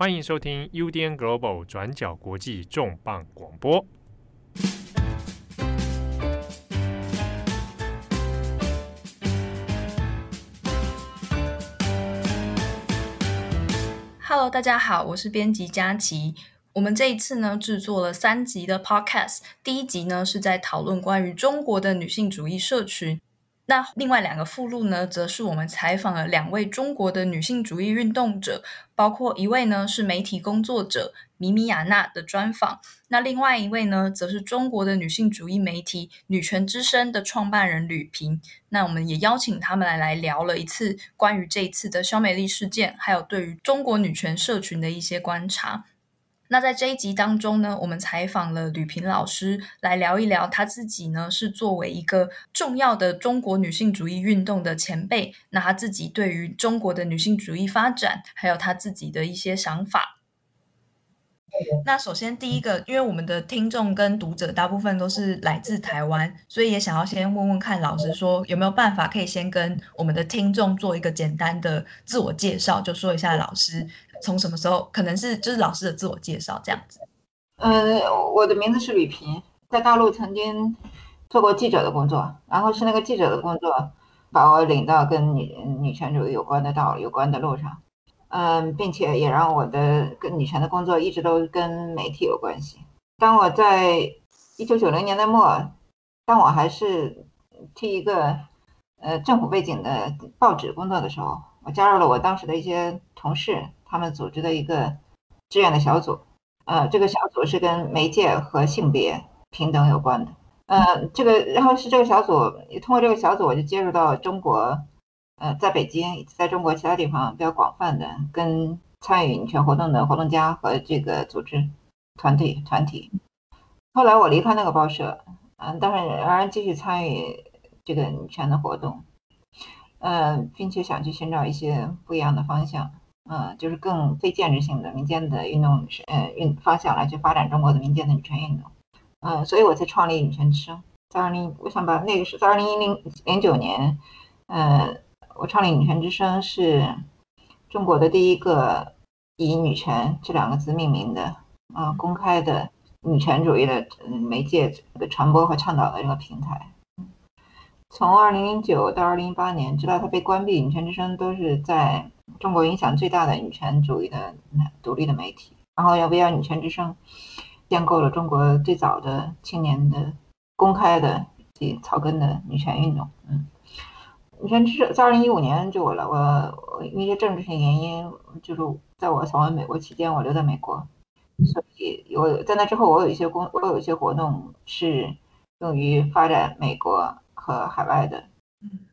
歡迎收聽 UDN Global 轉角國際重磅廣播。Hello，大家好，我是編輯佳琦。我們這一次呢，製作了三集的 podcast。第一集呢，是在討論關於中國的女性主義社群。那另外兩個附錄呢，則是我們採訪了兩位中國的女性主義運動者，包括一位呢是媒體工作者米米亞娜的專訪，那另外一位呢，則是中國的女性主義媒體《女權之聲》的創辦人呂頻。那我們也邀請他們來來聊了一次關於這一次的肖美麗事件，還有對於中國女權社群的一些觀察。那在這一集當中呢，我們採訪了呂頻老師，來聊一聊她自己呢，是作為一個重要的中國女性主義運動的前輩，那她自己對於中國的女性主義發展，還有她自己的一些想法。那首先第一個，因為我們的聽眾跟讀者大部分都是來自台灣，所以也想要先問問看老師說，有沒有辦法可以先跟我們的聽眾做一個簡單的自我介紹，就說一下老師從什麼時候，可能是就是老師的自我介紹這樣子。呃、嗯、我的名字是呂頻，在大陸曾經做過記者的工作，然後是那個記者的工作把我領到跟女女權主義有關的道路有關的路上。嗯，並且也讓我的跟女權的工作一直都跟媒體有關係。當我在一九九零年代末，當我還是替一個呃政府背景的報紙工作的時候，我加入了我當時的一些同事他們組織的一個志願的小組。呃，這個小組是跟媒介和性別平等有關的。呃，這個然後是這個小組，通過這個小組我就接觸到中國。呃，在北京，在中國其他地方比較廣泛的跟參與女權活動的活動家和這個組織團隊團體。後來我離開那個報社，嗯、呃，但是仍然繼續參與這個女權的活動，呃，並且想去尋找一些不一樣的方向，嗯、呃，就是更非建制性的民間的運動，呃，運方向來去發展中國的民間的女權運動，嗯、呃，所以我才創立女權之聲，在二零，我想把那個是在二零一零零九年，呃。我創立女權之聲，是中國的第一個以“女權”這兩個字命名的，嗯，公開的女權主義的，媒介的傳播和倡導的這個平台。從二零零九到二零一八年，直到它被關閉，女權之聲都是在中國影響最大的女權主義的獨立的媒體。然後，要不要女權之聲，建構了中國最早的青年的公開的及草根的女權運動？嗯。女權之聲在二零一五年就我了，我我因為一些政治性原因，就是在我訪問美國期間，我留在美國，所以我在那之後，我有一些工，我有一些活動是用於發展美國和海外的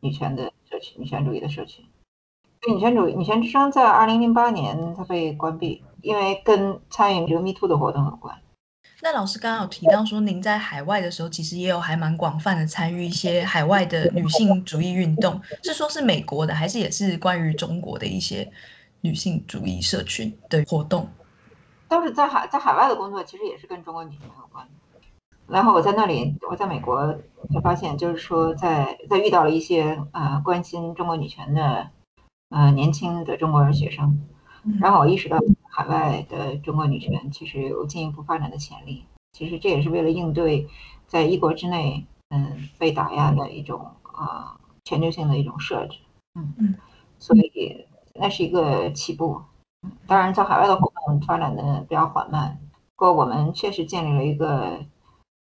女權的社區，嗯、女權主義的社區，女權主，女權之聲在二零零八年它被關閉，因為跟參與這個 MeToo 的活動有關。那老師剛剛有提到說，您在海外的時候，其實也有還蠻廣泛的參與一些海外的女性主義運動，是說是美國的，還是也是關於中國的一些女性主義社群的活動？都是在海在海外的工作，其實也是跟中國女權有關的。然後我在那裡，我在美國才發現，就是說在在遇到了一些、呃、關心中國女權的、呃、年輕的中國人學生，然後我意識到。海外的中國女權其實有進一步發展的潛力，其實這也是為了應對在一國之內，嗯，被打壓的一種啊全球性的一種設置，嗯嗯，所以那是一個起步，當然在海外的活動發展的比較緩慢，不過我們確實建立了一個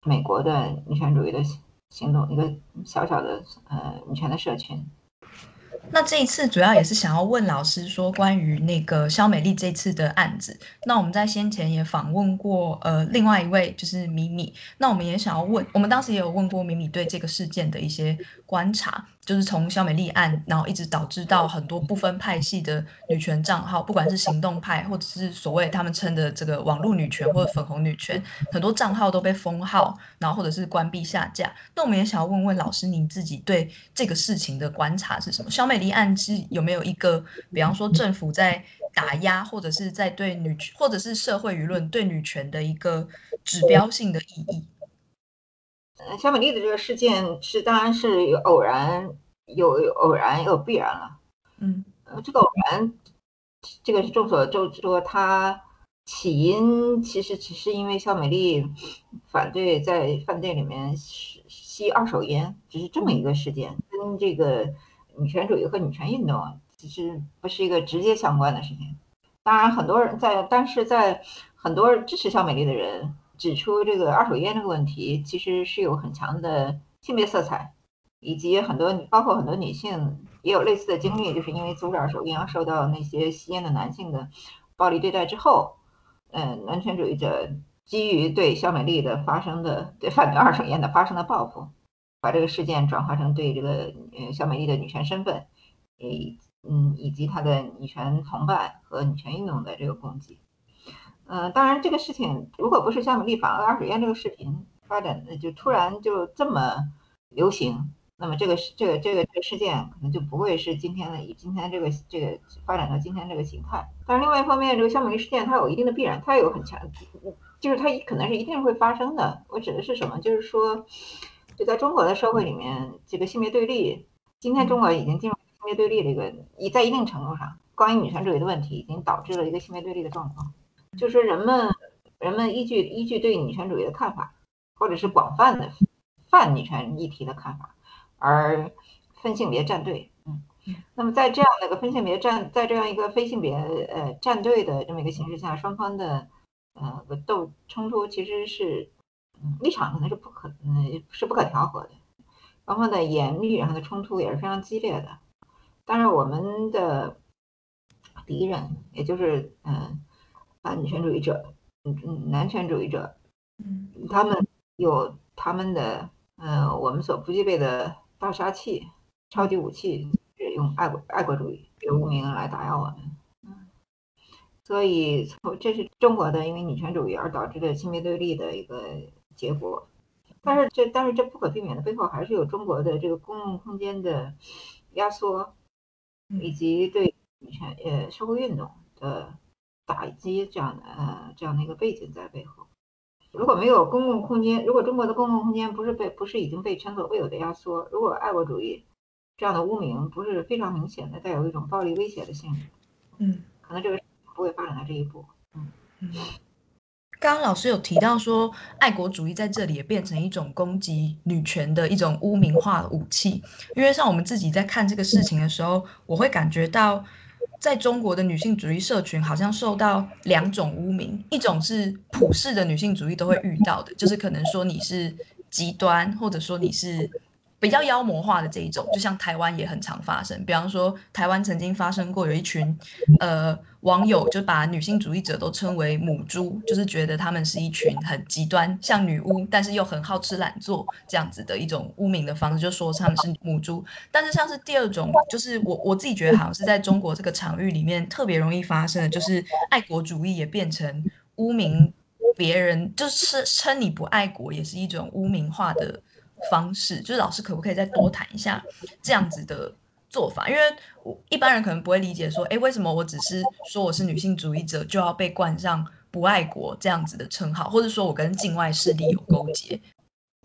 美國的女權主義的行動，一個小小的呃女權的社群。那這一次主要也是想要問老師說關於那個肖美麗這次的案子，那我們在先前也訪問過呃另外一位就是米米，那我們也想要問，我們當時也有問過米米對這個事件的一些觀察，就是從肖美麗案，然後一直導致到很多不分派系的女權賬號，不管是行動派或者是所謂他們稱的這個網絡女權或者粉紅女權，很多賬號都被封號，然後或者是關閉下架。那我們也想要問問老師，你自己對這個事情的觀察是什麼？肖美。立案是有沒有一個，比方說政府在打壓，或者是在對女權，或者是社會輿論對女權的一個指標性的意義？嗯，肖美麗的這個事件是當然是偶然有、有偶然、有有偶然也有必然了啊。嗯，呃，這個偶然，這個眾所周知，說它起因其實只是因為肖美麗反對在飯店裡面吸二手煙，只是這麼一個事件，跟這個。女權主義和女權運動其實不是一個直接相關的事情。當然，很多人在，但是在很多支持肖美麗的人指出，這個二手煙這個問題其實是有很強的性別色彩，以及很多包括很多女性也有類似的經歷，就是因為阻止二手煙受到那些吸煙的男性的暴力對待之後，嗯、呃，男權主義者基於對肖美麗的發生的對反對二手煙的發生的報復。把這個事件轉化成對這個呃肖美麗的女權身份，嗯，以及她的女權同伴和女權運動的這個攻擊。呃、當然，這個事情如果不是肖美麗發二水煙這個視頻發展，就突然就這麼流行，那麼這個事，這個這個、這個、這個事件可能就不會是今天的以今天的這個這個發展到今天這個形態。但是另外一方面，這個肖美麗事件它有一定的必然，它有很強，就是它可能是一定會發生的。我指的是什麼？就是說。就在中國的社會裡面，這個性別對立，今天中國已經進入性別對立的一個在一定程度上，關於女權主義的問題已經導致了一個性別對立的狀況，就是人們人們依據依據對女權主義的看法，或者是廣泛的泛女權議題的看法而分性別站隊，嗯，那麼在這樣的一個分性別站，在這樣一個非性別呃站隊的這麼一個形式下，雙方的呃鬥衝突其實是。立場可能是不可嗯，是不可調和的，雙方呢，言語上的衝突也是非常激烈的。當然，我們的敵人也就是嗯，啊、呃，反女權主義者，嗯嗯，男權主義者，嗯，他們有他們的嗯、呃、我們所不具備的大殺器，超級武器，用愛國愛國主義、用污名來打壓我們。嗯，所以從這是中國的因為女權主義而導致的性別對立的一個。結果，但是這但是這不可避免的背後還是有中國的這個公共空間的壓縮，以及對全呃社會運動的打擊，這樣的呃、嗯、這樣的一個背景在背後。如果沒有公共空間，如果中國的公共空間不是被不是已經被前所未有的壓縮，如果愛國主義這樣的污名不是非常明顯的帶有一種暴力威脅的性質，嗯，可能這個事情不會發展到這一步，嗯嗯。嗯剛剛老師有提到說，愛國主義在這裡也變成一種攻擊女權的一種污名化武器。因為像我們自己在看這個事情的時候，我會感覺到，在中國的女性主義社群，好像受到兩種污名，一種是普世的女性主義都會遇到的，就是可能說你是極端，或者說你是。比較妖魔化的這一種，就像台灣也很常發生，比方說台灣曾經發生過有一群呃網友就把女性主義者都稱為母豬，就是覺得他們是一群很極端，像女巫，但是又很好吃懶做這樣子的一種污名的方式，就說他們是母豬。但是像是第二種，就是我我自己覺得好像是在中國這個場域裡面特別容易發生的，就是愛國主義也變成污名別人，就是稱你不愛國也是一種污名化的。方式，就是老師可不可以再多談一下這樣子的做法？因為我一般人可能不會理解說，誒，為什麼我只是說我是女性主義者就要被冠上不愛國這樣子的稱號，或者說我跟境外勢力有勾結？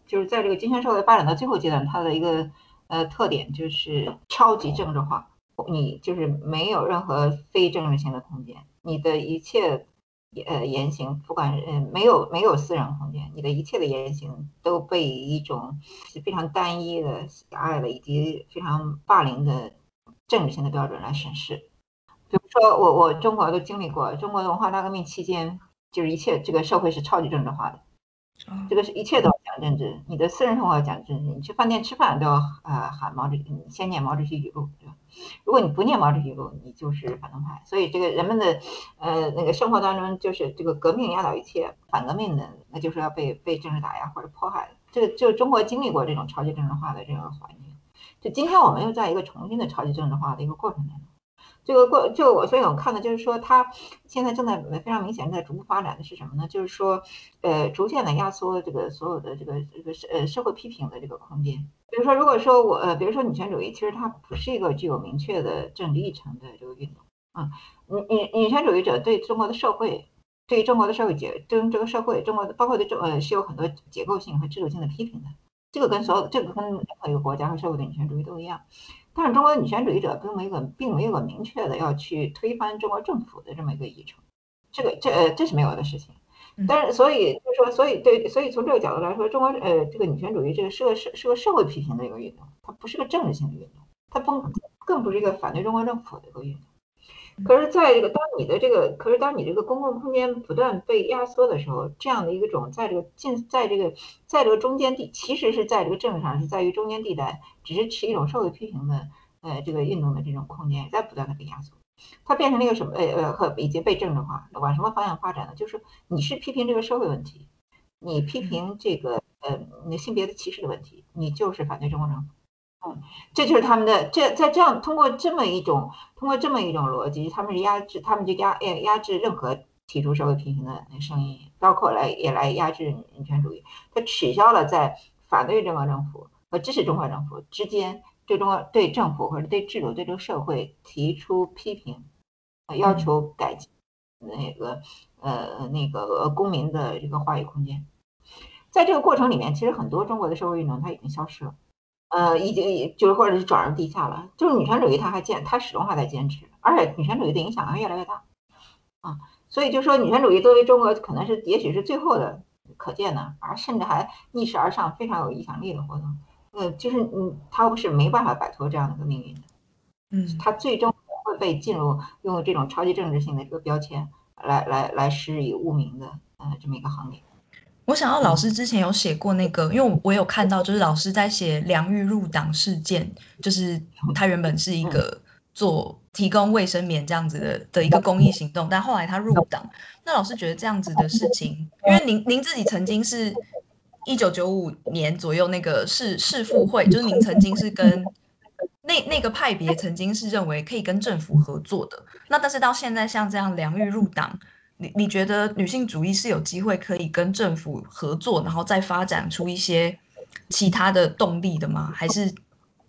就是在這個今天社會發展到最後階段，它的一個呃特點就是超級政治化，你就是沒有任何非政治性的空間，你的一切。呃，言行不管，呃，沒有沒有私人空間，你的一切的言行都被一種是非常單一的狹隘的以及非常霸凌的政治性的標準來審視。比如說我，我我中國都經歷過，中國的文化大革命期間，就是一切這個社會是超級政治化的，這個是一切都。政治，你的私人生活要講政治。你去飯店吃飯都要呃喊毛主席，你先念毛主席語錄對。如果你不念毛主席語錄，你就是反動派。所以這個人們的呃那個生活當中，就是這個革命壓倒一切，反革命的那就是要被被政治打壓或者迫害。這個就中國經歷過這種超級政治化的這種環境，就今天我們又在一個重新的超級政治化的一個過程中。這個過就我所以，我看的就是說，它現在正在非常明顯在逐步發展的是什麼呢？就是說，呃，逐漸的壓縮這個所有的這個這個社呃社會批評的這個空間。比如說，如果說我呃，比如說女權主義，其實它不是一個具有明確的政治議程的這個運動啊、嗯。女女女權主義者對中國的社會，對中國的社會結，對這個社會，中國的，包括對中呃，是有很多結構性和制度性的批評的。這個跟所有這個跟任何一個國家和社會的女權主義都一樣。但是中國的女權主義者並沒有並沒有個明確的要去推翻中國政府的這麼一個議程，這個這呃這是沒有的事情。但是所以就是說，所以對所以從這個角度來說，中國呃這個女權主義這個是個是個社會批評的一個運動，它不是個政治性的運動，它不更不是一個反對中國政府的一個運動。可是，在這個當你的這個，可是當你這個公共空間不斷被壓縮的時候，這樣的一個種在這個近在這個在這個中間地，其實是在這個政治上是在於中間地帶，只是持一種社會批評的呃這個運動的這種空間也在不斷的被壓縮，它變成了一個什麼呃呃和已經被政治化，往什麼方向發展呢？就是你是批評這個社會問題，你批評這個呃你性別的歧視的問題，你就是反對中國政府。嗯，這就是他們的這在這樣通過這麼一種通過這麼一種邏輯，他們是壓制，他們就壓壓壓制任何提出社會批評的聲音，包括來也來壓制女權主義。他取消了在反對中國政府和支持中國政府之間，對中國對政府或者對制度、對這個社會提出批評，呃、要求改進。那個呃那個公民的這個話語空間。在這個過程裡面，其實很多中國的社會運動它已經消失了。呃，已經就是或者是轉入地下了，就是女權主義還，它還堅，它始終還在堅持，而且女權主義的影響還越來越大，啊，所以就說女權主義作為中國可能是也許是最後的可見的，而甚至還逆勢而上，非常有影響力的活動，呃，就是嗯，它不是沒辦法擺脫這樣的一個命運的，嗯，它最終會被進入用這種超級政治性的一個標籤來來來施以污名的呃這麼一個行列。我想要老師之前有寫過那個，因為我有看到，就是老師在寫梁鈺入黨事件，就是他原本是一個做提供衛生棉這樣子的的一個公益行動，但後來他入黨。那老師覺得這樣子的事情，因為您您自己曾經是，一九九五年左右那個世世婦會，就是您曾經是跟那那個派別曾經是認為可以跟政府合作的，那但是到現在像這樣梁鈺入黨。你你覺得女性主義是有機會可以跟政府合作，然後再發展出一些其他的動力的嗎？還是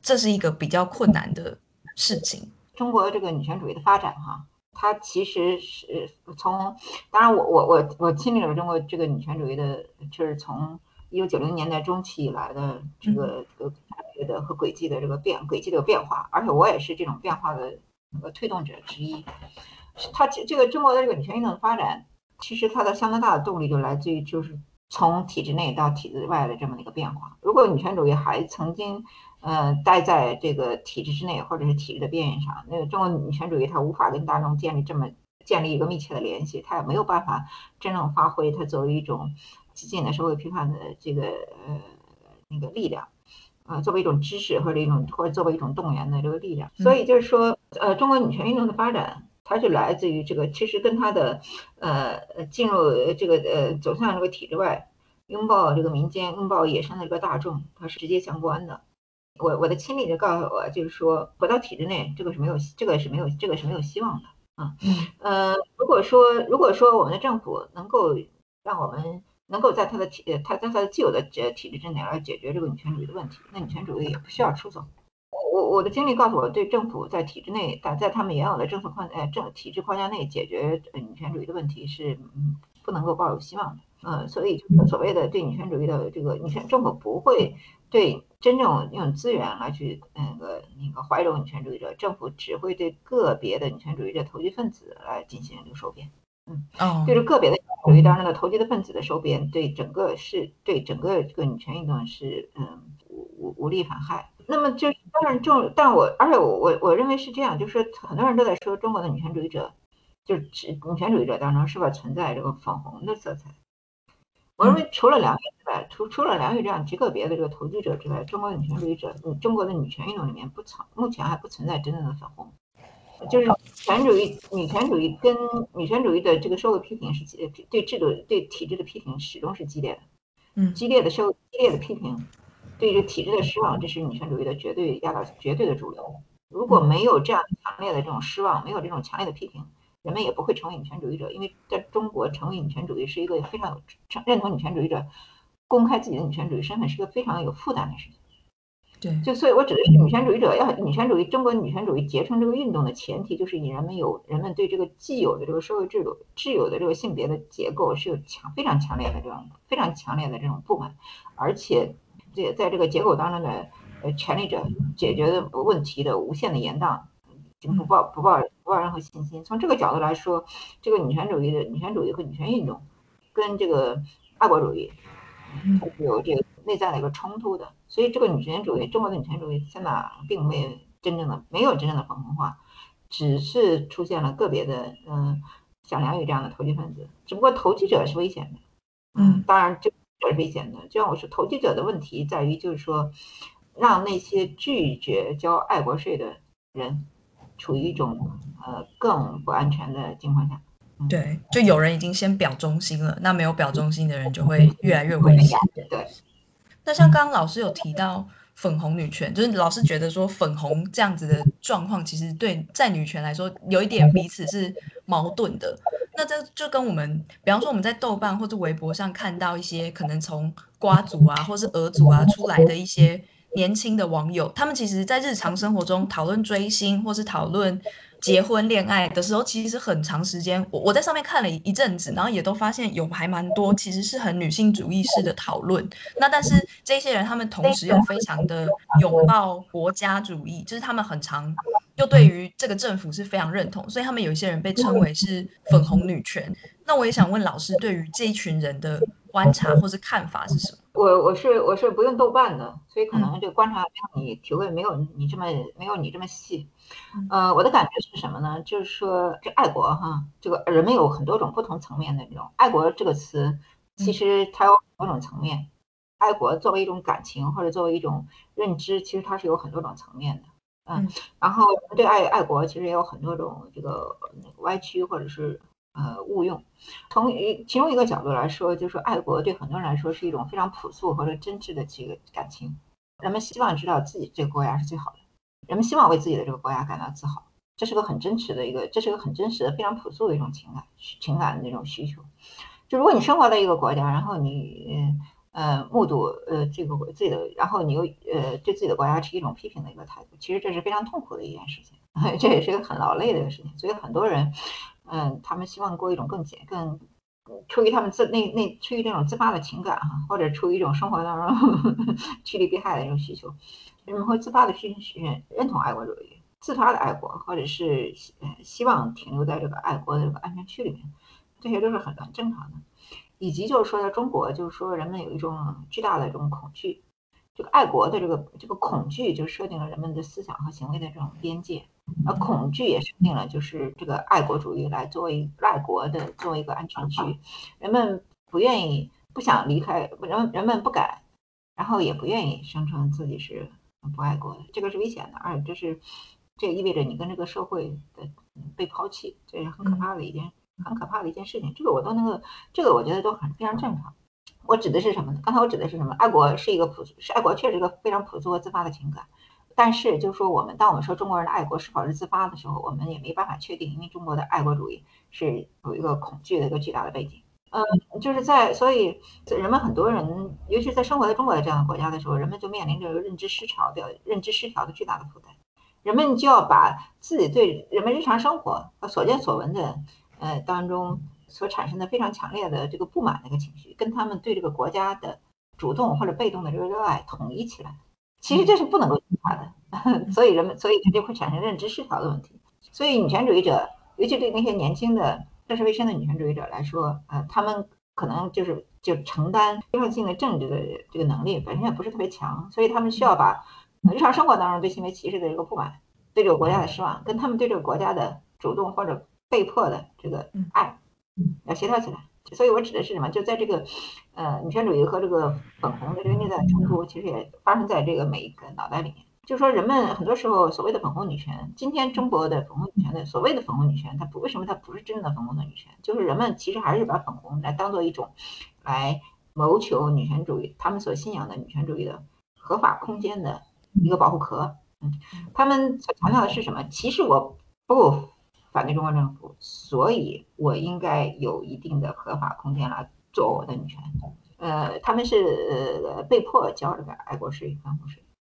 這是一個比較困難的事情？中國這個女權主義的發展，啊，哈，它其實是從當然我，我我我我親歷了中國這個女權主義的，就是從一九九零年代中期以來的這個的、嗯、和軌跡的這個，軌跡的這個變軌跡的變化，而且我也是這種變化的整個推動者之一。它這這個中國的這個女權運動的發展，其實它的相當大的動力就來自於就是從體制內到體制外的這麼一個變化。如果女權主義還曾經，呃，待在這個體制之內或者是體制的邊緣上，那個中國女權主義它無法跟大眾建立這麼建立一個密切的聯繫，它也沒有辦法真正發揮它作為一種激進的社會批判的這個呃那個力量，呃，作為一種知識或者一種或者作為一種動員的這個力量。所以就是說，呃，中國女權運動的發展。它是來自於這個，其實跟它的，呃呃，進入這個呃走向這個體制外，擁抱這個民間，擁抱野生的這個大眾，它是直接相關的。我我的親歷就告訴我、啊，就是說回到體制內，這個是沒有這個是沒有這個是沒有希望的啊、嗯。呃，如果說如果說我們的政府能夠讓我們能夠在它的體，它在它的既有的體體制之內來解決這個女權主義的問題，那女權主義也不需要出走。我我的經歷告訴我，對政府在體制內，但在他們原有的政策框，呃政體制框架內解決女權主義的問題是嗯，不能夠抱有希望的，嗯，所以就是所謂的對女權主義的這個，女權，政府不會對真正用資源來去那個，嗯，那個懷柔女權主義者，政府只會對個別的女權主義者投機分子來進行這個收編，嗯，就是個別的女權主義當中的投機的分子的收編，對整個是對整個這個女權運動是嗯無無無力反害。那麼就當然重，但我而且我我我認為是這樣，就是很多人都在說中國的女權主義者，就是女權主義者當中是否存在這個粉紅的色彩？我認為除了梁宇之外，除除了梁宇這樣極個別的這個投機者之外，中國的女權主義者，嗯，中國的女權運動裡面不曾，目前還不存在真正的粉紅。就是女權主義、女權主義跟女權主義的這個社會批評是對制度、對體制的批評始終是激烈的，嗯，激烈的社會激烈的批評。對於這體制的失望，這是女權主義的絕對壓倒絕對的主流。如果沒有這樣強烈的這種失望，沒有這種強烈的批評，人們也不會成為女權主義者。因為在中國，成為女權主義是一個非常有認同女權主義者公開自己的女權主義身份是一個非常有負擔的事情。對，就所以，我指的是女權主義者要女權主義。中國女權主義結成這個運動的前提，就是以人們有人們對這個既有的這個社會制度、既有的這個性別的結構是有強非常強烈的這種非常強烈的這種不滿，而且。在在這個結構當中的，呃，權力者解決的問題的無限的延宕，不抱不抱不抱任何信心。從這個角度來說，這個女權主義的女權主義和女權運動，跟這個愛國主義，它是有這個內在的一個衝突的。所以，這個女權主義，中國的女權主義現在並未真正的沒有真正的反分化，只是出現了個別的，嗯、呃，像梁宇這樣的投機分子。只不過投機者是危險的，嗯，當然這個。是危險的，就像我說，投機者的問題在於，就是說，讓那些拒絕交愛國稅的人處於一種呃更不安全的情況下。嗯、對，就有人已經先表忠心了，那沒有表忠心的人就會越來越危險。對、嗯。那像剛剛老師有提到。嗯嗯粉紅女權就是老是覺得說粉紅這樣子的狀況，其實對在女權來說有一點彼此是矛盾的。那這就跟我們，比方說我們在豆瓣或者微博上看到一些可能從瓜組啊或是鵝組啊出來的一些年輕的網友，他們其實在日常生活中討論追星或是討論。結婚戀愛的時候，其實很長時間，我我在上面看了一陣子，然後也都發現有還蠻多，其實是很女性主義式的討論。那但是這些人，他們同時又非常的擁抱國家主義，就是他們很常又對於這個政府是非常認同，所以他們有一些人被稱為是粉紅女權。那我也想問老師，對於這一群人的。觀察或是看法是什麼？我我是我是不用豆瓣的，所以可能就觀察你體會沒有你這麼沒有你這麼細。呃，我的感覺是什麼呢？就是說，這愛國哈，這個人們有很多種不同層面的這種愛國這個詞，其實它有很多種層面。愛國作為一種感情或者作為一種認知，其實它是有很多種層面的。嗯，然後對愛愛國其實也有很多種這個歪曲或者是。呃，勿用。從一其中一個角度來說，就是說，愛國對很多人來說是一種非常樸素或者真摯的這個感情。人們希望知道自己這個國家是最好的，人們希望為自己的這個國家感到自豪。這是個很真實的一個，這是個很真實的、非常樸素的一種情感，情感的那種需求。就如果你生活在一個國家，然後你呃目睹呃這個國自己的，然後你又呃對自己的國家持一種批評的一個態度，其實這是非常痛苦的一件事情，這也是一個很勞累的一個事情。所以很多人。嗯，他們希望過一種更簡更，出於他們自那那出於這種自發的情感哈，或者出於一種生活當中呵呵趨利避害的一種需求，人們會自發的去認認同愛國主義，自發的愛國，或者是希希望停留在這個愛國的這個安全區裡面，這些都是很很正常的。以及就是說，在中國，就是說人們有一種巨大的這種恐懼，這個愛國的這個這個恐懼就設定了人們的思想和行為的這種邊界。而恐懼也生定了，就是這個愛國主義來作為一個愛國的作為一個安全區，人們不願意不想離開，人人們不敢，然後也不願意聲稱自己是不愛國的，這個是危險的，而且這是這意味着你跟這個社會的被拋棄，這是很可怕的一件很可怕的一件事情。這個我都能夠，這個我覺得都很非常正常。我指的是什麼呢？剛才我指的是什麼？愛國是一個樸素是愛國確實一個非常樸素和自發的情感。但是，就是說我們，當我們說中國人的愛國是否是自發的時候，我們也沒辦法確定，因為中國的愛國主義是有一個恐懼的一個巨大的背景。嗯，就是在所以，人們很多人，尤其在生活在中國的這樣的國家的時候，人們就面臨着認知失調的、認知失調的巨大的負擔。人們就要把自己對人們日常生活所見所聞的，呃，當中所產生的非常強烈的這個不滿的一個情緒，跟他們對這個國家的主動或者被動的這個熱愛統一起來。其實這是不能夠自洽的，所以人們，所以這就會產生認知失調的問題。所以女權主義者，尤其對那些年輕的、涉世未深的女權主義者來說，呃，他們可能就是就承擔顛覆性的政治的這個能力本身也不是特別強，所以他們需要把日常生活當中對行為歧視的這個不滿、對這個國家的失望，跟他們對這個國家的主動或者被迫的這個愛要協調起來。所以我指的是什麼？就在這個，呃，女權主義和這個粉紅的這個內在衝突，其實也發生在這個每一個腦袋裡面。就是說，人們很多時候所謂的粉紅女權，今天中國的粉紅女權的所謂的粉紅女權，它不為什麼它不是真正的粉紅的女權？就是人們其實還是把粉紅來當做一種來謀求女權主義，他們所信仰的女權主義的合法空間的一個保護殼。嗯，他們強調的是什麼？其實我不。反對中國政府，所以我應該有一定的合法空間來做我的女權。呃，他們是被迫交這個愛國稅、反恐稅。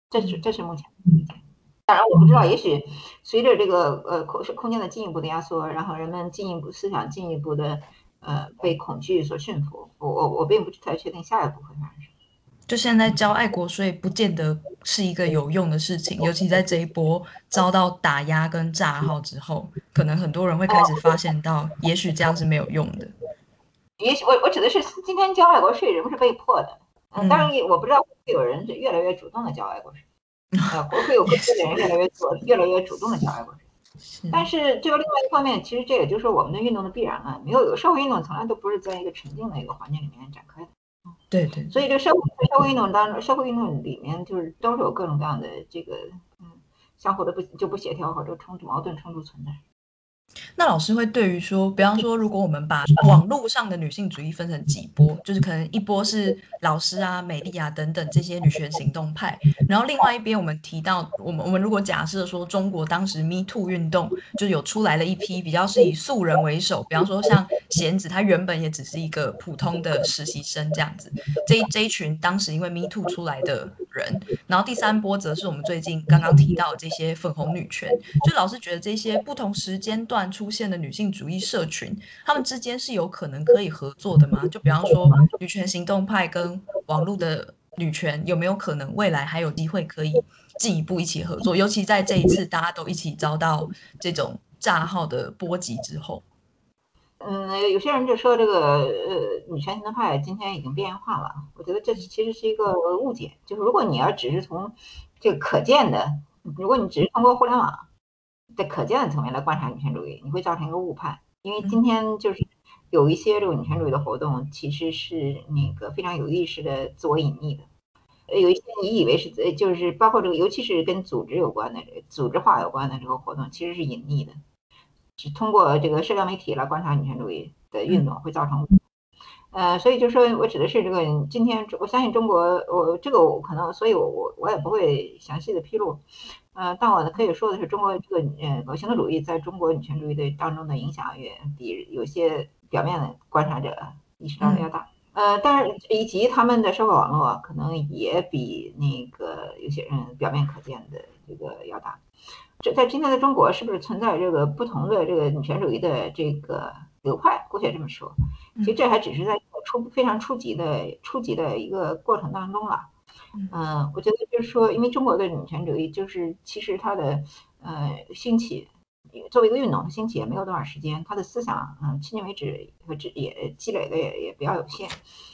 這是這是目前的理解，當然我不知道，也許隨着這個呃空空間的進一步的壓縮，然後人們進一步思想進一步的呃被恐懼所馴服。我我我並不太確定下一步會發生什麼。就現在交愛國稅，不見得是一個有用的事情，尤其在這一波遭到打壓跟炸號之後，可能很多人會開始發現到，也許這樣是沒有用的。也許我我指的是今天交愛國稅，人是被迫的。嗯。當然我不知道會有人越來越主動的交愛國稅。啊，會會有更多的人越來越多，越來越主動的交愛國稅。 是，但是這個另外一方面，其實這也就是我們的運動的必然了，啊。沒有社會運動從來都不是在一個純淨的一個環境裡面展開的。對對,對，所以這社會社會運動當中，社會運動裡面就是都是有各種各樣的這個，嗯，相互的不就不協調和這個衝突矛盾衝突存在。那老師會對於說，比方說，如果我們把網絡上的女性主義分成幾波，就是可能一波是老師啊、美麗啊等等這些女權行動派，然後另外一邊我們提到，我們我們如果假設說中國當時 Me Too 運動就有出來了一批比較是以素人為首，比方說像。弦子，他原本也只是一個普通的實習生，這樣子。這這一群當時因為 Me Too 出來的人，然後第三波則是我們最近剛剛提到的這些粉紅女權，就老是覺得這些不同時間段出現的女性主義社群，他們之間是有可能可以合作的嗎？就比方說女權行動派跟網絡的女權，有沒有可能未來還有機會可以進一步一起合作？尤其在這一次大家都一起遭到這種炸號的波及之後。嗯，有些人就說這個呃，女權行動派今天已經變化了。我覺得這其實是一個誤解。就是如果你要只是從這個可見的，如果你只是通過互聯網的可見的層面來觀察女權主義，你會造成一個誤判。因為今天就是有一些這個女權主義的活動，其實是那個非常有意識的自我隱匿的。呃，有一些你以為是，就是包括這個，尤其是跟組織有關的、組織化有關的這個活動，其實是隱匿的。通過這個社交媒體來觀察女權主義的運動，會造成，呃，所以就說我指的是這個，今天我相信中國，我這個我可能，所以我我我也不會詳細的披露，呃，但我呢可以說的是，中國這個呃，性別主義在中國女權主義的當中的影響遠比有些表面的觀察者意識到的要大，呃，但是以及他們的社會網絡可能也比那個有些人表面可見的這個要大。在今天的中國，是不是存在這個不同的這個女權主義的這個流派？姑且這麼說，其實這還只是在初非常初級的初級的一個過程當中了。嗯，我覺得就是說，因為中國的女權主義，就是其實它的呃興起，作為一個運動，它興起也沒有多少時間，它的思想，嗯，迄今為止和這也積累的也也比較有限。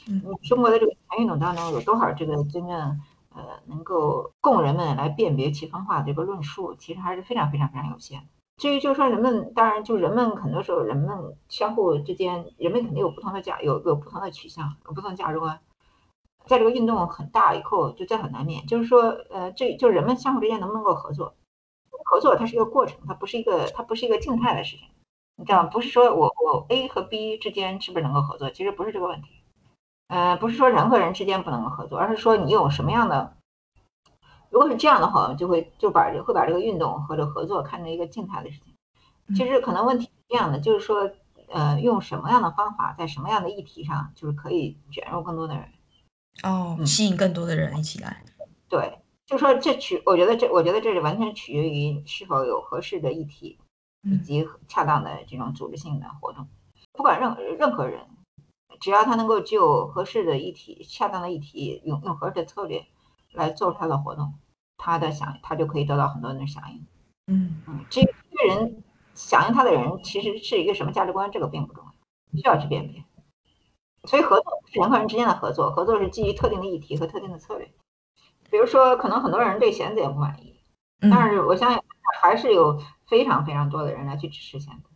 嗯，中國的這個女權運動當中有多少這個真正？呃，能夠供人們來辨別其分化的這個論述，其實還是非常非常非常有限。至於就是說人們，當然，就人們很多時候，人們相互之間，人們肯定有不同的價，有有不同的取向，有不同的價值觀，啊。在這個運動很大以後，就在所難免。就是說，呃，這就，就人們相互之間能不能夠合作？合作它是一個過程，它不是一個，它不是一個靜態的事情。你知道嗎？不是說我我 A 和 B 之間是不是能夠合作？其實不是這個問題。呃，不是說人和人之間不能合作，而是說你有什麼樣的，如果是這樣的話，就會就把會把這個運動或者合作看成一個靜態的事情。嗯、其實可能問題是這樣的，就是說，呃，用什麼樣的方法，在什麼樣的議題上，就是可以捲入更多的人，哦，吸引更多的人一起來。嗯、對，就說這取，我覺得這，我覺得這是完全取決於是否有合適的議題，嗯、以及恰當的這種組織性的活動，嗯、不管任何任何人。只要他能夠具有合適的議題、恰當的議題，用用合適的策略來做他的活動，他的想，他就可以得到很多人的響應。嗯嗯，至於這個人響應他的人其實是一個什麼價值觀，這個並不重要，需要去辨別。所以合作是人和人之間的合作，合作是基於特定的議題和特定的策略。比如說，可能很多人對弦子也不滿意，但是我相信還是有非常非常多的人來去支持弦子。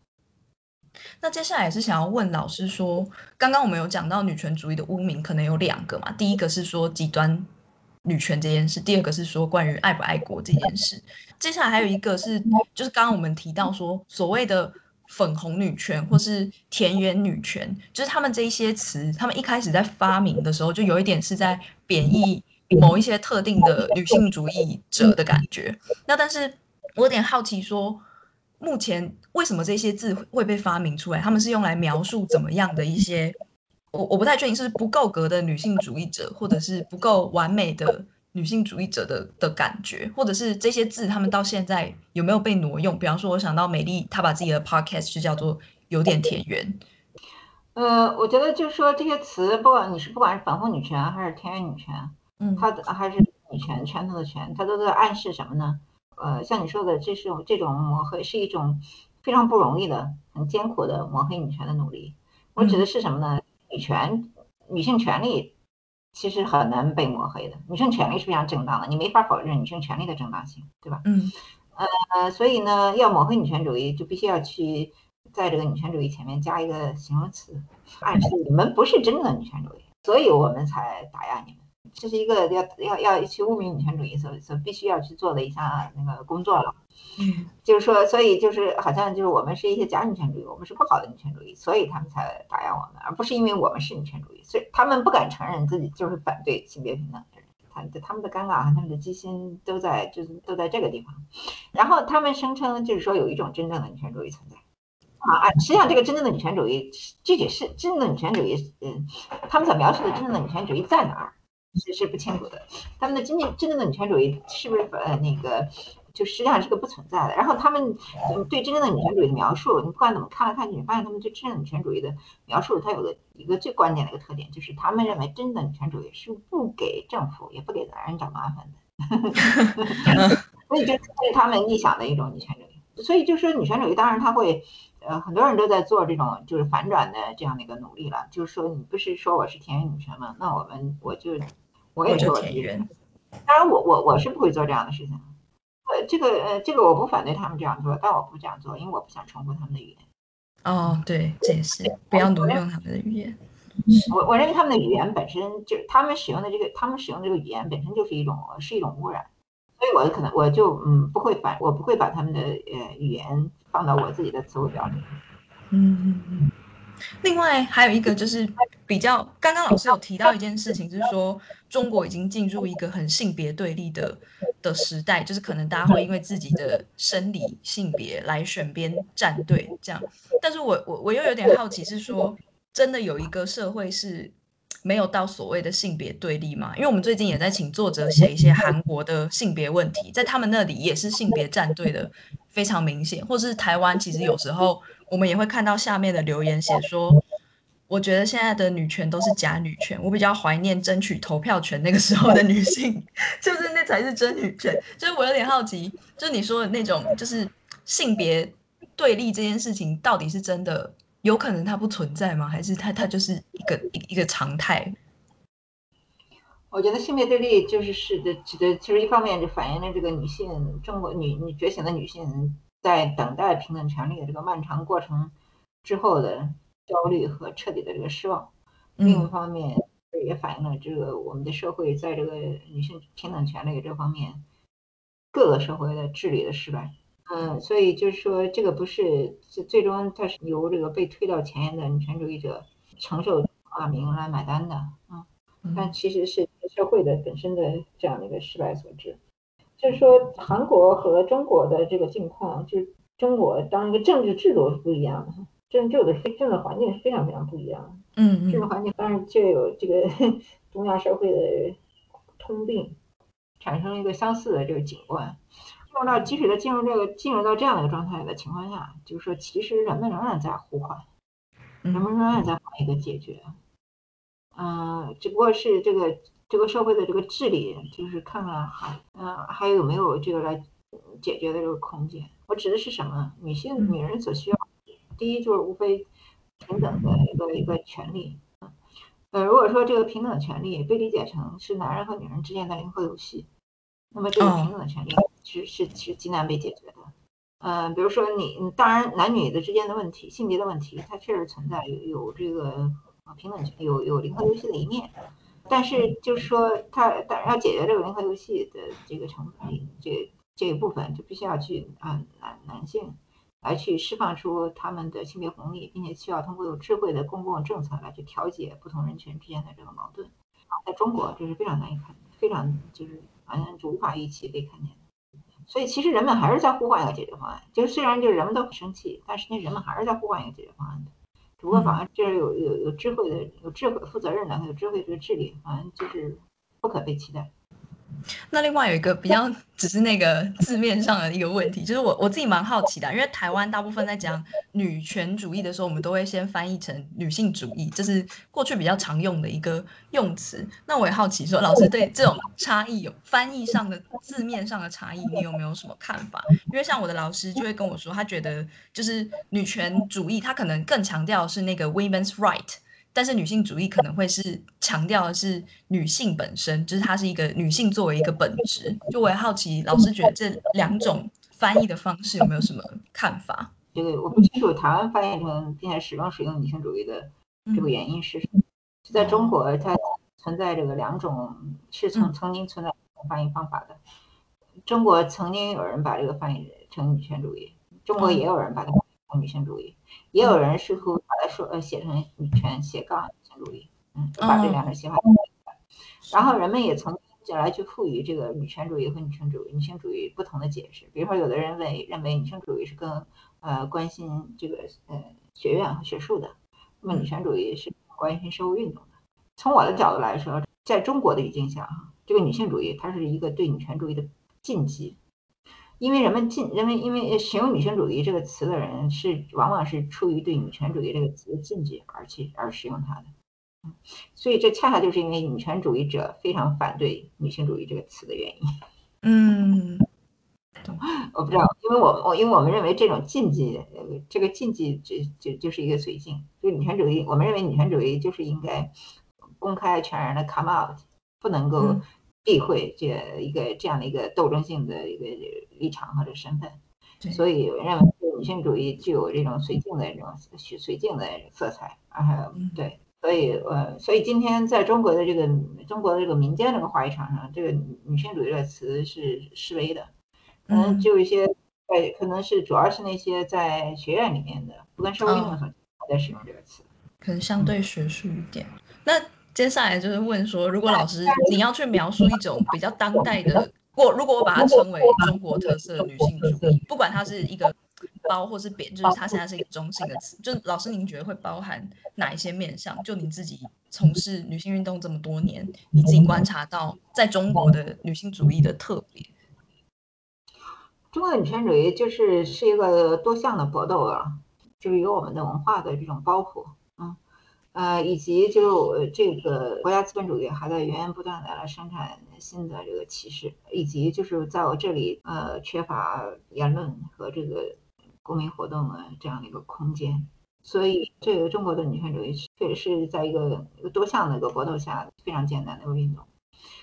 那接下來也是想要問老師說，剛剛我們有講到女權主義的污名可能有兩個嘛，第一個是說極端女權這件事，第二個是說關於愛不愛國這件事。接下來還有一個是，就是剛剛我們提到說所謂的粉紅女權或是田園女權，就是他們這一些詞，他們一開始在發明的時候，就有一點是在貶抑某一些特定的女性主義者的感覺。那但是我有點好奇說，目前為什麼這些字會被發明出來？他們是用來描述怎麼樣的一些？我我不太確定是不夠格的女性主義者，或者是不夠完美的女性主義者的的感覺，或者是這些字他們到現在有沒有被挪用？比方說，我想到美麗，她把自己的 podcast 就叫做有點田園。呃，我覺得就是說這些詞，不管你是不管是反父女權還是田園女權，女權嗯，的還是女權，拳頭的拳，它都在暗示什麼呢？呃，像你說的，這是這種抹黑是一種非常不容易的、很艱苦的抹黑女權的努力。我指的是什麼呢？女權、女性權利其實很難被抹黑的。女性權利是非常正當的，你沒法保證女性權利的正當性，對吧？嗯。呃，所以呢，要抹黑女權主義，就必須要去在這個女權主義前面加一個形容詞，暗示你們不是真正的女權主義，所以我們才打壓你們。這是一個要要要去污名女權主義所所必須要去做的一項啊，那個工作了。就是說，所以就是好像就是我們是一些假女權主義，我們是不好的女權主義，所以他們才打壓我們，而不是因為我們是女權主義，所以他們不敢承認自己就是反對性別平等的人。他們他們的尷尬和他們的雞心都在就是都在這個地方。然後他們聲稱就是說有一種真正的女權主義存在啊，實際上這個真正的女權主義具體是真正的女權主義，嗯，他們所描述的真正的女權主義在哪兒？是是不清楚的，他們的真正真正的女權主義是不是呃那個就實際上是個不存在的？然後他們對真正的女權主義的描述，你不管怎麼看來看去，你發現他們對真正的女權主義的描述，它有個一個最關鍵的一個特點，就是他們認為真正的女權主義是不給政府也不給男人找麻煩的，所 以就是他們臆想的一種女權主義。所以就說女權主義，當然他會呃很多人都在做這種就是反轉的這樣的一個努力了，就是說你不是說我是田園女權嗎？那我們我就。我也做翻譯人，當然我我我是不會做這樣的事情。我、呃、這個呃這個我不反對他們這樣做，但我不這樣做，因為我不想重複他們的語言。哦，對，這也是對不要挪用他們的語言。我是我，我認為他們的語言本身就，他們使用的這個，他們使用這個語言本身就是一種是一種污染，所以，我可能我就嗯不會把，我不會把他們的呃語言放到我自己的詞彙表裡嗯。嗯嗯。另外還有一個就是比較，剛剛老師有提到一件事情，就是說中國已經進入一個很性別對立的的時代，就是可能大家會因為自己的生理性別來選邊站隊這樣。但是我我我又有點好奇，是說真的有一個社會是？沒有到所謂的性別對立嘛？因為我們最近也在請作者寫一些韓國的性別問題，在他們那裡也是性別站隊的非常明顯，或是台灣其實有時候我們也會看到下面的留言寫說：“我覺得現在的女權都是假女權，我比較懷念爭取投票權那個時候的女性，就是那才是真女權。”所以我有點好奇，就是你說的那種，就是性別對立這件事情到底是真的？有可能它不存在嗎？還是它它就是一個一一個常態？我覺得性別對立就是是的，其實其實一方面就反映了這個女性中國女女覺醒的女性在等待平等權利的這個漫長過程之後的焦慮和徹底的這個失望。嗯。另一方面也反映了這個我們的社會在這個女性平等權利這方面各個社會的治理的失敗。嗯，所以就是說，這個不是最終，它是由這個被推到前沿的女權主義者承受罵名來買單的啊、嗯。但其實是社會的本身的這樣的一個失敗所致。就是說，韓國和中國的這個境況，就中國當一個政治制度是不一樣的，政治的非政治環境是非常非常不一樣的。嗯，政治環境當然就有這個東亞社會的通病，產生了一個相似的這個景觀。到即使在進入這個進入到這樣的一個狀態的情況下，就是說，其實人們仍然在呼喚，人們仍然，然在換一個解決。嗯、呃，只不過是這個這個社會的這個治理，就是看看還嗯、呃、還有沒有這個來解決的這個空間。我指的是什麼？女性女人所需要，第一就是無非平等的一個、嗯、一個權利。嗯、呃，如果說這個平等權利被理解成是男人和女人之間的零和遊戲。那麼這個平等的權利其實是是，是極難被解決的。嗯、呃，比如說你，當然男女的之間的問題、性別的問題，它確實存在有有這個平等權、有有零和遊戲的一面。但是就是說，他，當然要解決這個零和遊戲的這個成本，這這一部分就必須要去啊男、呃、男性來去釋放出他們的性別紅利，並且需要通過有智慧的公共政策來去調節不同人群之間的這個矛盾。在中國，這是非常難以看，非常就是。好像就無法預期被看見，所以其實人們還是在呼喚一個解決方案。就是雖然就是人們都很生氣，但是那人們還是在呼喚一個解決方案的。只不過好像就是有有有智慧的、有智慧、負責任的、還有智慧這個智力，好像就是不可被期待。嗯。嗯那另外有一個比較只是那個字面上的一個問題，就是我我自己蠻好奇的。因為台灣大部分在講女權主義的時候，我們都會先翻譯成女性主義，這、就是過去比較常用的一個用詞。那我也好奇說，老師對這種差異有、哦、翻譯上的字面上的差異，你有沒有什麼看法？因為像我的老師就會跟我說，他覺得就是女權主義，他可能更強調是那個 women's right。但是女性主義可能會是強調的是女性本身，就是她是一個女性作為一個本質，就我也好奇老師覺得這兩種翻譯的方式有沒有什麼看法？這個我不清楚台灣翻譯成並且始終使用女性主義的這個原因是什麼？在中國它存在這個兩種是從曾經存在翻譯方法的，中國曾經有人把這個翻譯成女權主義，中國也有人把它。嗯女性主義，也有人試圖把它說呃寫成女權斜槓女性主義，嗯，把這兩種寫法。Uh huh. 然後人們也從來就來去賦予這個女權主義和女權主義、女性主義不同的解釋。比如說，有的人認為認為女性主義是更呃關心這個呃學院和學術的，那麼女權主義是關心社會運動的。從我的角度來說，在中國的語境下，哈，這個女性主義它是一個對女權主義的禁忌。因為人們禁，人們因為使用女性主義這個詞的人是往往是出於對女權主義這個詞的禁忌而去而使用它的，所以這恰恰就是因為女權主義者非常反對女性主義這個詞的原因。嗯，我不知道，因為我我因為我們認為這種禁忌，這個禁忌就就就是一個隨性，就女權主義，我們認為女權主義就是應該公開全然的 come out，不能夠、嗯。避諱這一個這樣的一個鬥爭性的一個立場和這個身份，所以我認為女性主義具有這種綏靖的這種綏、綏靖的色彩啊，對，所以呃，所以今天在中國的這個中國的這個民間這個話語場上，這個女性主義這個詞是示威的，可能就一些在可能是主要是那些在學院裡面的不跟社會運動所，在使用這個詞，嗯，嗯，可能相對學術一點，那。接下來就是問說，如果老師你要去描述一種比較當代的我如果我把它稱為中國特色女性主義，不管它是一個褒或者是貶，就是它現在是一個中性的詞，就老師您覺得會包含哪一些面向？就你自己從事女性運動這麼多年，你自己觀察到在中國的女性主義的特別，中國女性主義就是是一個多項的搏鬥啊，就是有我們的文化的這種包袱，呃，以及就這個國家資本主義還在源源不斷的來生產新的這個歧視，以及就是在我這裡，呃，缺乏言論和這個公民活動的、啊、這樣的一個空間，所以這個中國的女權主義確實是在一個，一個多項的一個搏鬥下非常艱難的一個運動。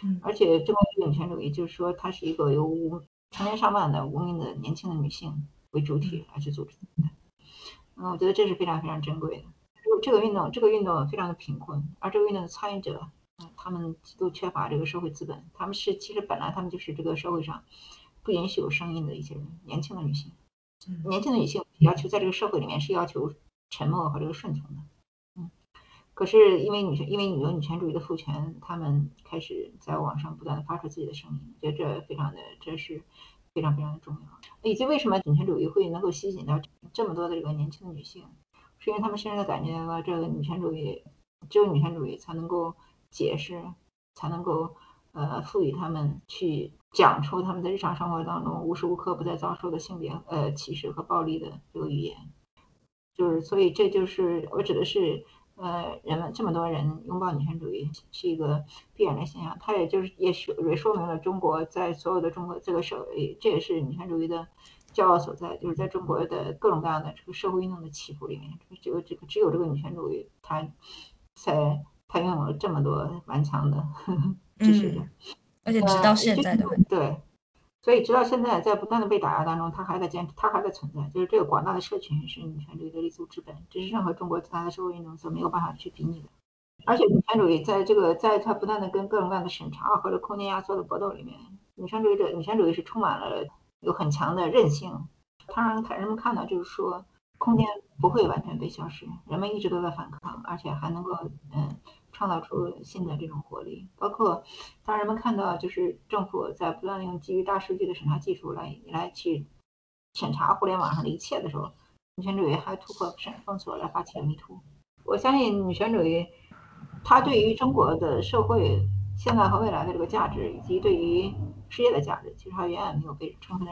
嗯、而且中國的女權主義就是說，它是一個由成千上萬的無名的年輕的女性為主體來去組織的。嗯，嗯，我覺得這是非常非常珍貴的。這個運動，這個運動非常的貧困，而這個運動的參與者，嗯，他們極度缺乏這個社會資本。他們是其實本來他們就是這個社會上不允許有聲音的一些人，年輕的女性，年輕的女性要求在這個社會裡面是要求沉默和這個順從的，嗯。可是因為女性，因為有女權主義的賦權，他們開始在網上不斷的發出自己的聲音，覺得這非常的，這是非常非常的重要。以及為什麼女權主義會能夠吸引到這麼多的這個年輕的女性？是因為他們深深地感覺到，啊，這個女權主義，只有女權主義才能夠解釋，才能夠呃賦予他們去講出他們在日常生活當中無時無刻不在遭受的性別呃歧視和暴力的這個語言，就是，所以這就是我指的是呃人們這麼多人擁抱女權主義是一個必然的現象，它也就是也也說明了中國在所有的中國這個社會這也是女權主義的。驕傲所在，就是在中國的各種各樣的這個社會運動的起伏裡面，這個這個只有這個女權主義才，她才它擁有了這麼多頑強的，呵呵支持者嗯，而且直到現在、呃就是、對，所以直到現在在不斷的被打壓當中，她還在堅持，它還在存在。就是這個廣大的社群是女權主義的立足之本，這是任何中國其他的社會運動所沒有辦法去比擬的。而且女權主義在這個在它不斷的跟各種各樣的審查或者空間壓縮的搏鬥裡面，女權主義者女權主義是充滿了。有很強的韌性，它讓人們看到，就是說，空間不會完全被消失，人們一直都在，在反抗，而且還能夠，嗯，創造出新的這種活力。包括當人們看到，就是政府在不斷用基於大數據的審查技術來來去審查互聯網上的一切的時候，女權主義還突破審封鎖來發起的迷途。我相信女權主義，它對於中國的社會現在和未來的這個價值，以及對於。事業的價值其實還遠遠沒有被充分。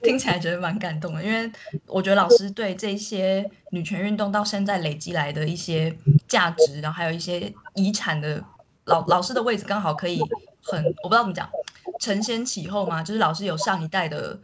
聽起來覺得蠻感動的，因為我覺得老師對這些女權運動到現在累積來的一些價值，然後還有一些遺產的，老老師的位置剛好可以很，我不知道怎麼講，承先啟後嘛。就是老師有上一代的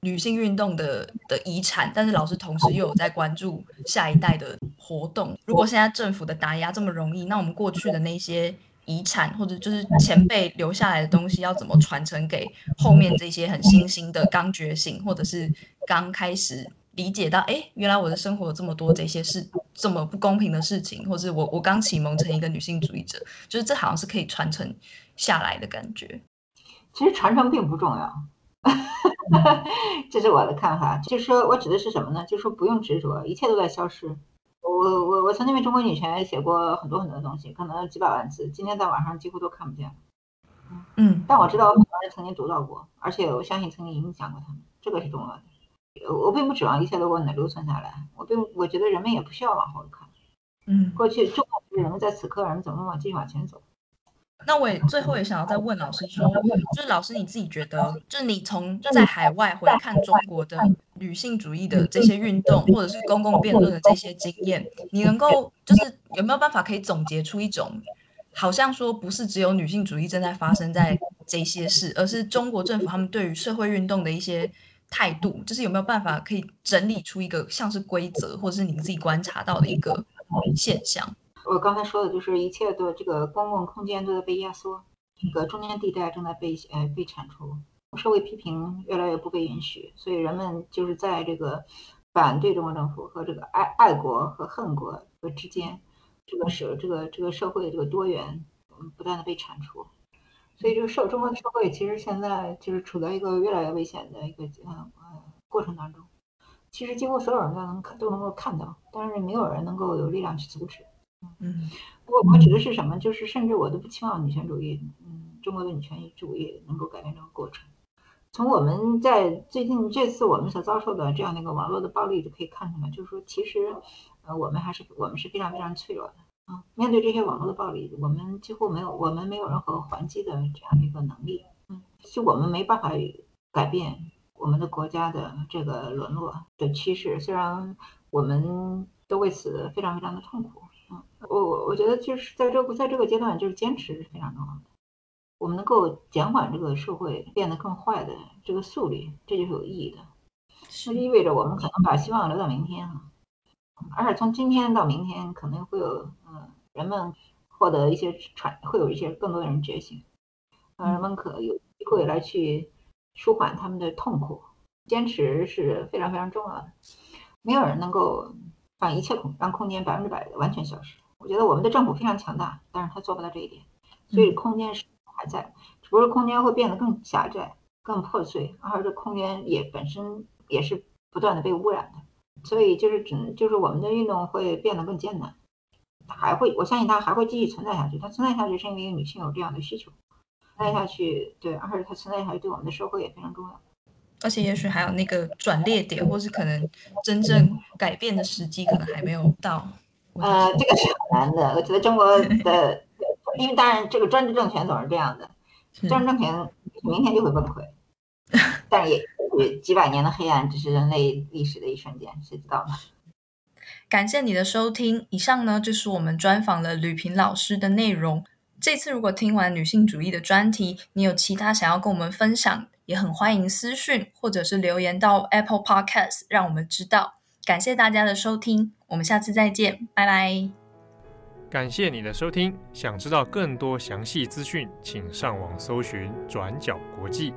女性運動的的遺產，但是老師同時又有在關注下一代的活動。如果現在政府的打壓這麼容易，那我們過去的那些，遺產或者就是前輩留下來的東西，要怎麼傳承給後面這些很新興的剛覺醒，或者是剛開始理解到，哎、欸，原來我的生活有這麼多這些是這麼不公平的事情，或者我我剛啟蒙成一個女性主義者，就是這好像是可以傳承下來的感覺。其實傳承並不重要， 這是我的看法。就是說我指的是什麼呢？就是說不用執着，一切都在消失。我我我曾經為中國女權寫過很多很多東西，可能幾百萬字，今天在網上幾乎都看不見。嗯，但我知道很多人曾經讀到過，而且我相信曾經影響過他們，這個是重要的。我並不指望一切都我能留存下來，我並我覺得人們也不需要往後看。嗯，過去重要的是人們在此刻，人們怎麼往繼續往前走。那我也最後也想要再問老師說，就是老師你自己覺得，就是你從在海外回來看中國的女性主義的這些運動，或者是公共辯論的這些經驗，你能夠就是有沒有辦法可以總結出一種，好像說不是只有女性主義正在發生在這些事，而是中國政府他們對於社會運動的一些態度，就是有沒有辦法可以整理出一個像是規則，或者是你自己觀察到的一個現象。我剛才說的就是，一切的這個公共空間都在被壓縮，那個中間地帶正在被呃被鏟除，社會批評越來越不被允許，所以人們就是在這個反對中國政府和這個愛愛國和恨國和之間，這個社這個這個社會的這個多元，嗯，不斷的被鏟除，所以這個社中國的社會其實現在就是處在一個越來越危險的一個呃過程當中，其實幾乎所有人都能看，都能夠看到，但是沒有人能夠有力量去阻止。嗯，我我指的是什麼？就是甚至我都不期望女權主義，嗯，中國的女權主義能夠改變這個過程。從我們在最近這次我們所遭受的這樣的一個網絡的暴力就可以看出來，就是說其實，呃，我們還是我們是非常非常脆弱的啊，嗯。面對這些網絡的暴力，我們幾乎沒有，我們沒有任何還擊的這樣的一個能力。嗯，就我們沒辦法改變我們的國家的這個淪落的趨勢。雖然我們都為此非常非常的痛苦。我我我覺得就是在這在這個階段，就是堅持是非常重要的。我們能夠減緩這個社會變得更壞的這個速率，這就是有意義的。這是意味着我們可能把希望留到明天了。而且從今天到明天，可能會有嗯人們獲得一些傳，會有一些更多的人覺醒，讓人們可有機會來去舒緩他們的痛苦。堅持是非常非常重要的，沒有人能夠。讓一切空，讓空間百分之百的完全消失。我覺得我們的政府非常強大，但是他做不到這一點，所以空間是還在，只不過空間會變得更狹窄、更破碎，而這空間也本身也是不斷的被污染的，所以就是只能就是我們的運動會變得更艱難，還會我相信它還會繼續存在下去。它存在下去是因為女性有這樣的需求，存在下去對，而且它存在下去對我們的社會也非常重要。而且也許還有那個轉捩點，或是可能真正改變的時機可能還沒有到。呃，這個是很難的。我覺得中國的，對因為當然這個專制政權總是這樣的，專是政權明天就會崩潰， 但也也幾百年的黑暗只是人類歷史的一瞬間，誰知道呢？感謝你的收聽，以上呢就是我們專訪了呂頻老師的內容。這次如果聽完女性主義的專題，你有其他想要跟我們分享？也很歡迎私訊或者是留言到 Apple Podcast，讓我們知道。感謝大家的收聽，我們下次再見，拜拜。感謝你的收聽，想知道更多詳細資訊，請上網搜尋“轉角國際”。